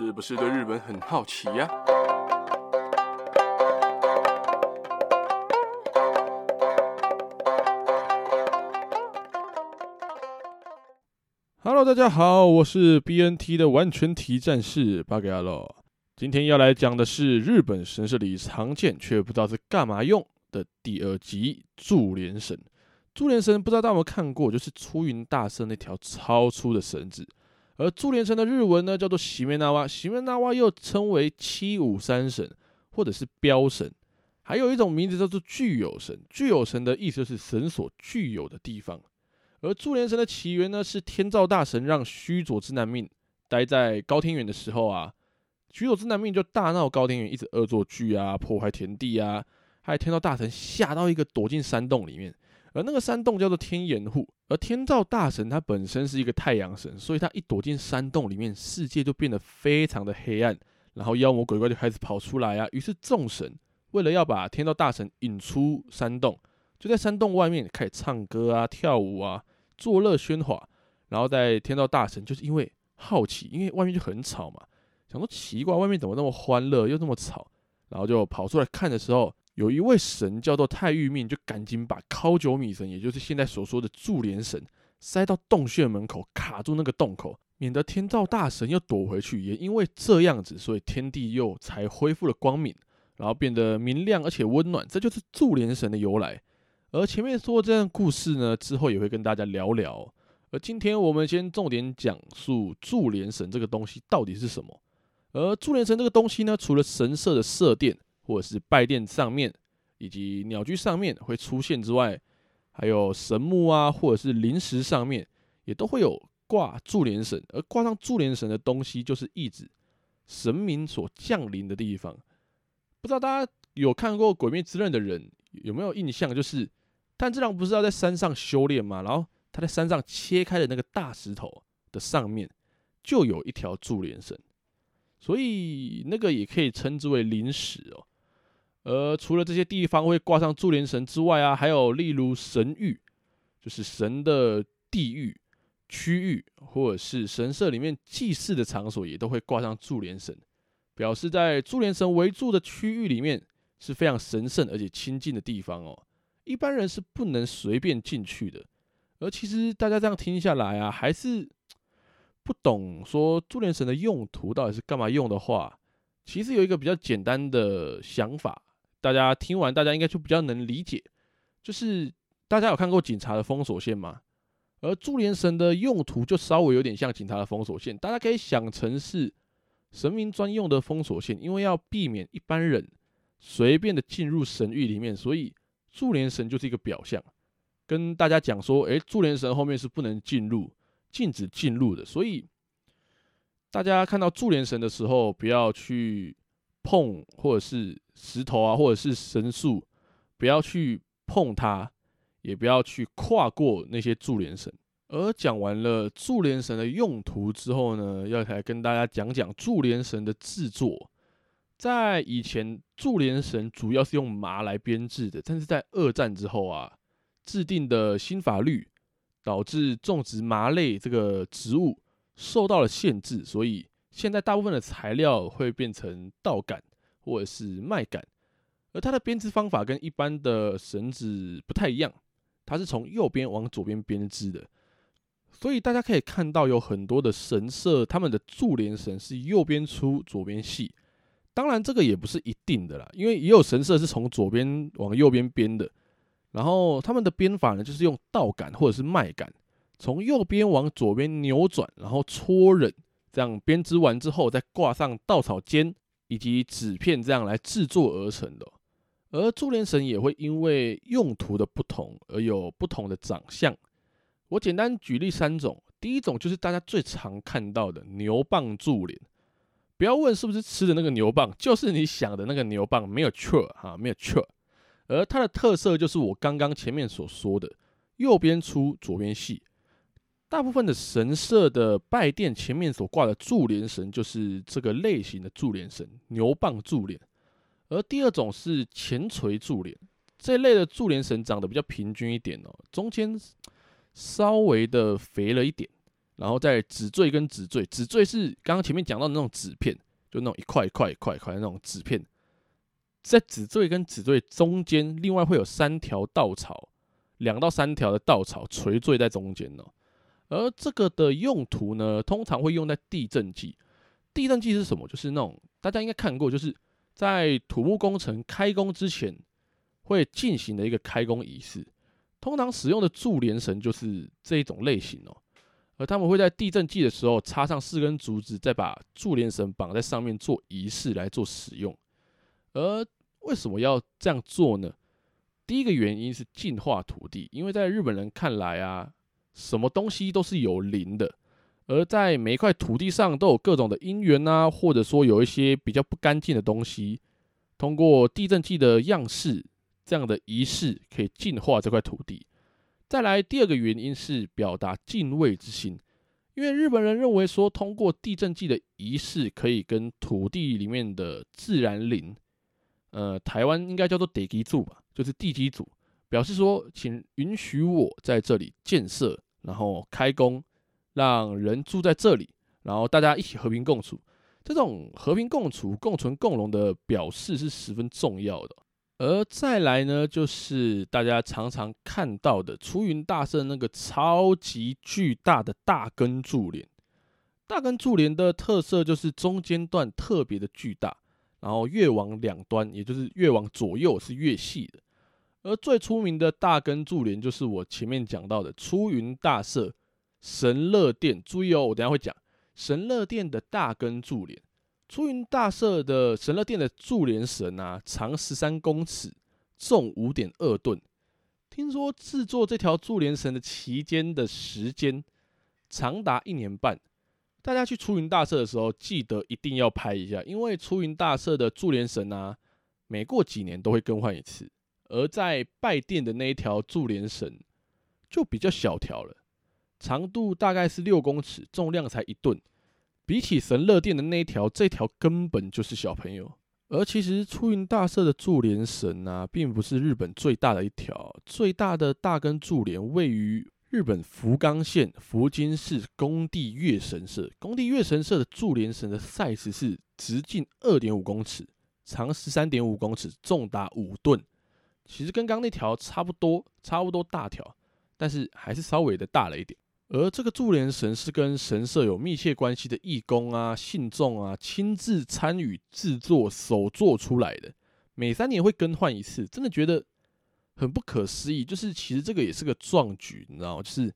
是不是對日本很好奇呀、啊、？Hello，大家好，我是 BNT 的完全體戰士巴吉阿洛。今天要來講的是日本神社裡常見卻不知道是幹嘛用的第二集注連繩，注連繩不知道大家有沒有看過，就是出雲大社那條超粗的繩子。而注連繩的日文呢，叫做喜面那洼，喜面那洼又稱為七五三繩，或者是標繩，還有一種名字叫做占有繩。占有繩的意思就是神所占有的地方。而注連繩的起源呢，是天照大神讓須佐之男命待在高天原的時候啊，須佐之男命就大鬧高天原，一直惡作劇啊，破壞田地啊，害天照大神嚇到一個躲進山洞裡面。而那個山洞叫做天岩戶，而天照大神他本身是一個太陽神，所以他一躲進山洞裡面，世界就變得非常的黑暗，然後妖魔鬼怪就開始跑出來啊。於是眾神為了要把天照大神引出山洞，就在山洞外面開始唱歌啊、跳舞啊、作樂喧嘩。然後在天照大神就是因為好奇，因為外面就很吵嘛，想說奇怪，外面怎麼那麼歡樂又那麼吵，然後就跑出來看的時候。有一位神叫做太玉命，就趕緊把尻久米繩，也就是現在所說的注連繩，塞到洞穴門口，卡住那個洞口，免得天照大神又躲回去。也因為這樣子，所以天地又才恢復了光明，然後變得明亮而且溫暖。這就是注連繩的由來。而前面說這樣的故事呢，之後也會跟大家聊聊。而今天我們先重點講述注連繩這個東西到底是什麼。而注連繩這個東西呢，除了神社的社殿或者是拜殿上面，以及鳥居上面會出現之外，還有神木啊，或者是靈石上面，也都會有掛注連繩。而掛上注連繩的東西，就是意指神明所降臨的地方。不知道大家有看過《鬼滅之刃》的人有沒有印象？就是炭治郎不是要在山上修煉嗎？然後他在山上切開的那個大石頭的上面，就有一條注連繩，所以那個也可以稱之為靈石哦、喔。而除了這些地方會掛上注連繩之外啊，還有例如神域，就是神的地域、區域，或者是神社裡面祭祀的場所，也都會掛上注連繩。表示在注連繩圍住的區域裡面是非常神聖而且親近的地方哦，一般人是不能隨便進去的。而其實大家這樣聽下來啊，還是不懂說注連繩的用途到底是幹嘛用的話，其實有一個比較簡單的想法。大家聽完，大家應該就比較能理解，就是大家有看過警察的封鎖線嗎？而注連繩的用途就稍微有點像警察的封鎖線，大家可以想成是神明專用的封鎖線，因為要避免一般人隨便的進入神域裡面，所以注連繩就是一個表象，跟大家講說，誒、欸，注連繩後面是不能進入，禁止進入的，所以大家看到注連繩的時候，不要去。碰或者是石頭啊，或者是神樹，不要去碰它，也不要去跨過那些注連繩。而講完了注連繩的用途之後呢，要來跟大家講講注連繩的制作。在以前，注連繩主要是用麻來編制的，但是在二戰之後啊，制定的新法律導致種植麻類這個植物受到了限制，所以。現在大部分的材料會變成稻稈或者是麥稈，而它的編織方法跟一般的繩子不太一樣，它是從右邊往左邊編織的，所以大家可以看到有很多的神社，他們的注連繩是右邊粗、左邊細，當然這個也不是一定的啦，因為也有神社是從左邊往右邊編的，然後他們的編法呢，就是用稻稈或者是麥稈從右邊往左邊扭轉，然後搓捻。這樣編織完之後，再掛上稻草尖以及紙片，這樣來制作而成的喔。而注連繩也會因為用途的不同而有不同的長相。我簡單舉例三種，第一種就是大家最常看到的牛蒡注連，不要問是不是吃的那個牛蒡，就是你想的那個牛蒡，沒有錯哈，沒有錯。而它的特色就是我剛剛前面所說的，右邊粗，左邊細。大部分的神社的拜殿前面所掛的注連繩就是這個類型的注連繩，牛蒡注連。而第二種是前垂注連，這一類的注連繩長得比較平均一點哦，中間稍微的肥了一點，然後在紙墜跟紙墜，紙墜是剛剛前面講到的那種紙片，就那種一塊一塊一塊一塊那種紙片，在紙墜跟紙墜中間，另外會有三條稻草，兩到三條的稻草垂墜在中間哦。而這個的用途呢，通常會用在地鎮祭。地鎮祭是什麼？就是那種大家應該看過，就是在土木工程開工之前會進行的一個開工儀式。通常使用的注連繩就是這一種類型哦、喔。而他們會在地鎮祭的時候插上四根竹子，再把注連繩綁在上面做儀式來做使用。而為什麼要這樣做呢？第一個原因是淨化土地，因為在日本人看來啊。什麼東西都是有靈的，而在每一塊土地上都有各種的因緣吶、啊，或者說有一些比較不乾淨的東西，通過地鎮祭的樣式這樣的儀式，可以淨化這塊土地。再來第二個原因是表達敬畏之心，因為日本人認為說，通過地鎮祭的儀式，可以跟土地裡面的自然靈，呃，台灣應該叫做地基主吧，就是地基主，表示說，請允許我在這裡建設。然後開工，讓人住在這裡，然後大家一起和平共處。這種和平共處、共存共榮的表示是十分重要的。而再來呢，就是大家常常看到的出雲大社那個超級巨大的大根注連。大根注連的特色就是中間段特別的巨大，然後越往兩端，也就是越往左右是越細的。而最出名的大根注連就是我前面講到的出雲大社神樂殿。注意哦，我等下會講神樂殿的大根注連。出雲大社的神樂殿的注連繩啊，長十三公尺，重五點二噸。聽說制作這條注連繩的期間的時間長達一年半。大家去出雲大社的時候，記得一定要拍一下，因為出雲大社的注連繩啊，每過幾年都會更換一次。而在拜殿的那一條注連繩就比較小條了，長度大概是六公尺，重量才一噸。比起神樂殿的那條，這條根本就是小朋友。而其實出雲大社的注連繩呢、啊，並不是日本最大的一條。最大的大根注連位於日本福岡縣福津市宮地嶽神社，宮地嶽神社的注連繩的 size 是直徑二點五公尺，長十三點五公尺，重達五噸。其實跟剛那條差不多，差不多大條，但是還是稍微的大了一點。而這個注連繩是跟神社有密切關係的義工啊、信眾啊親自參與制作、手做出來的，每三年會更換一次，真的覺得很不可思議。就是其實這個也是個壯舉，你知道嗎？就是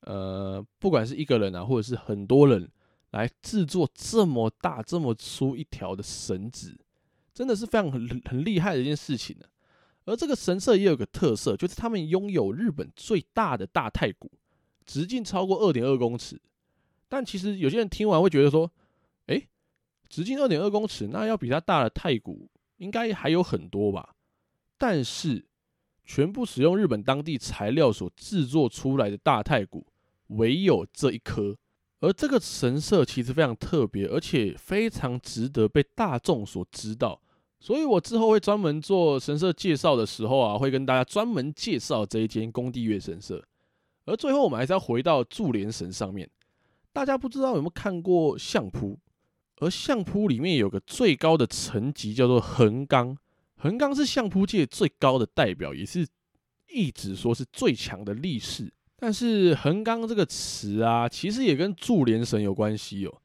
呃，不管是一個人啊，或者是很多人來制作這麼大、這麼粗一條的繩子，真的是非常很很厲害的一件事情呢、啊。而這個神社也有個特色，就是他們擁有日本最大的大太鼓，直徑超過二點二公尺。但其實有些人聽完會覺得說：“誒、欸，直徑二點二公尺，那要比它大的太鼓應該還有很多吧？”但是，全部使用日本當地材料所制作出來的大太鼓，唯有這一顆。而這個神社其實非常特別，而且非常值得被大眾所知道。所以，我之後會專門做神社介紹的時候啊，會跟大家專門介紹這一間宮地嶽神社。而最後，我們還是要回到注連繩上面。大家不知道有沒有看過相撲？而相撲裡面有個最高的層級叫做橫綱，橫綱是相撲界最高的代表，也是一直說是最強的力士。但是，橫綱這個詞啊，其實也跟注連繩有關係哦、喔。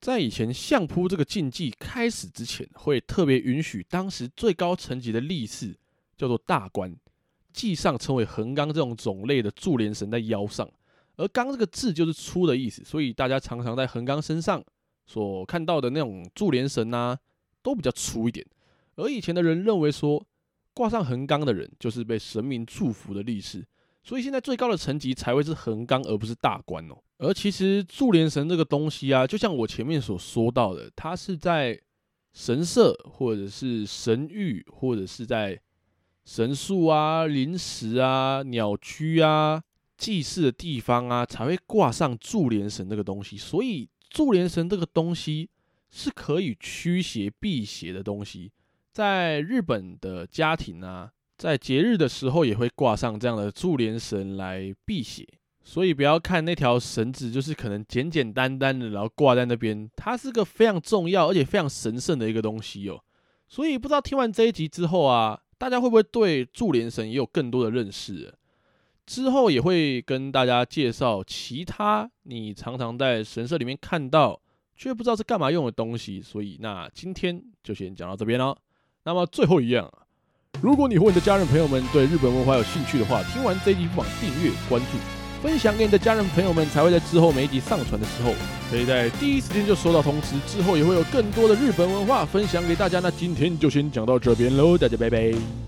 在以前相撲這個競技開始之前，會特別允許當時最高層級的力士，叫做大關，祭上稱為橫綱這種種類的注連繩在腰上，而“綱”這個字就是粗的意思，所以大家常常在橫綱身上所看到的那種注連繩吶、啊，都比較粗一點。而以前的人認為說，掛上橫綱的人就是被神明祝福的力士。所以現在最高的層級才會是橫綱，而不是大關哦、喔。而其實注連繩這個東西啊，就像我前面所說到的，它是在神社或者是神域，或者是在神樹啊、靈石啊、鳥居啊、祭祀的地方啊，才會掛上注連繩這個東西。所以注連繩這個東西是可以驅邪避邪的東西，在日本的家庭啊。在節日的時候也會掛上這樣的注連繩來辟邪，所以不要看那條繩子，就是可能簡簡單單的，然後掛在那邊，它是個非常重要而且非常神聖的一個東西哦。所以不知道聽完這一集之後啊，大家會不會對注連繩也有更多的認識啊？之後也會跟大家介紹其他你常常在神社裡面看到卻不知道是幹嘛用的東西。所以那今天就先講到這邊咯。那麼最後一樣如果你和你的家人朋友們對日本文化有興趣的話，聽完這一集，不忘訂閱、關注、分享給你的家人朋友們，才會在之後每一集上傳的時候，可以在第一時間就收到通知。之後也會有更多的日本文化分享給大家。那今天就先講到這邊嘍，大家拜拜。